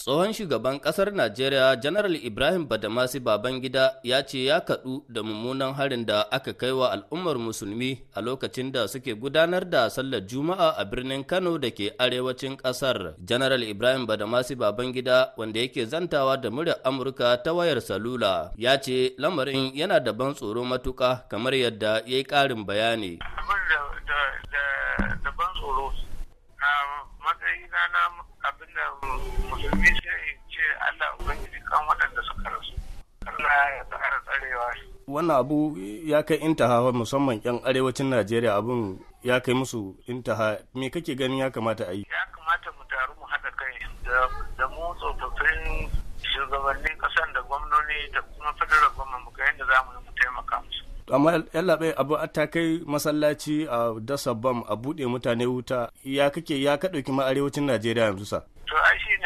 Tsohon shugaban ƙasar Najeriya Janaral Ibrahim Badamasi Babangida ya ce ya kaɗu da mummunan harin da aka kai wa al'ummar musulmi a lokacin da suke gudanar da sallar Juma'a a birnin Kano da ke arewacin ƙasar. Janaral Ibrahim Badamasi Babangida wanda yake zantawa da murya Amurka ta wayar salula ya ce lamarin yana da ban tsoro matuƙa kamar yadda ya yi ƙarin bayani. tsoro na abin musulmi sai ce Allah ubangiji kan waɗanda suka rasu karna ya tsara tsarewa wannan abu ya kai intaha musamman yan arewacin Najeriya abun ya kai musu intaha me kake ganin ya kamata a yi ya kamata mu taru mu haɗa kai da mu tsofaffin shugabannin ƙasar da gwamnoni da kuma federal gwamnati mu ga yadda za mu taimaka musu amma yallaɓe abu ta kai masallaci a dasa bam a buɗe mutane wuta ya kake ya ka ma arewacin najeriya yanzu sa to ai shi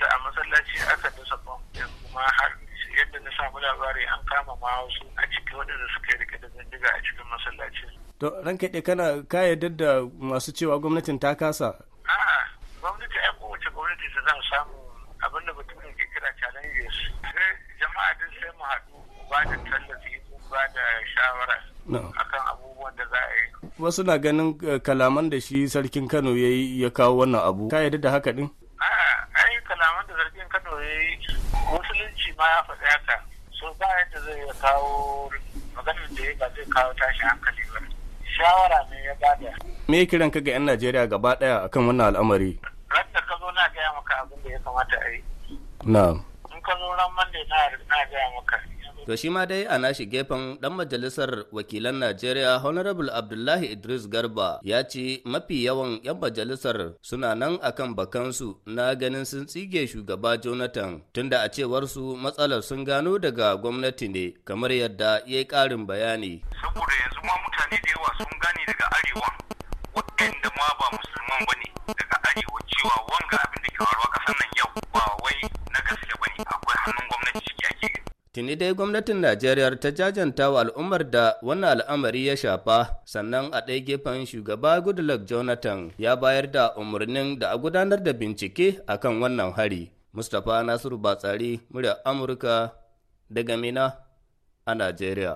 da a masallaci aka dasa bom kuma har yadda na samu labari an kama ma wasu a ciki waɗanda suka rike da bindiga a cikin masallaci. To ranka ɗaya kana ka da masu cewa gwamnatin ta kasa? A'a gwamnati ya kowace gwamnati ta zan samu abin da mutum ke kira challenges. Sai jama'a din sai mu haɗu ba da tallafi ba da shawara. akan abubuwan da za a yi. Wasu na ganin eh, kalaman da shi sarkin Kano ya kawo wannan abu. Ka yarda da haka din? zargin kano ya yi musulunci ma ya faɗi haka so ba yadda zai ya kawo maganar da ya ba zai kawo tashi hankali ba shawara ne ya bada me kiran ka ga 'yan najeriya gaba daya akan wannan al'amari ran da ka zo na gaya maka abin da ya kamata a yi na in ka zo ran man da na gaya maka To shi ma dai a nashi gefen ɗan majalisar wakilan Najeriya Honorable Abdullahi Idris Garba ya ce mafi yawan 'yan majalisar suna nan akan bakansu na ganin sun tsige shugaba Jonathan tunda a cewar su matsalar sun gano daga gwamnati ne kamar yadda ya yi ƙarin bayani. Saboda yanzu ma mutane da yawa sun gane daga arewa waɗanda ma ba musulman bane daga Tuni dai gwamnatin Najeriya ta jajanta wa al'ummar da wannan al'amari ya shafa, sannan a ɗaya gefen shugaba Goodluck Jonathan ya bayar da umarnin da a gudanar da bincike akan wannan hari. Mustapha Nasiru Batsari, murya Amurka daga Mina a Najeriya.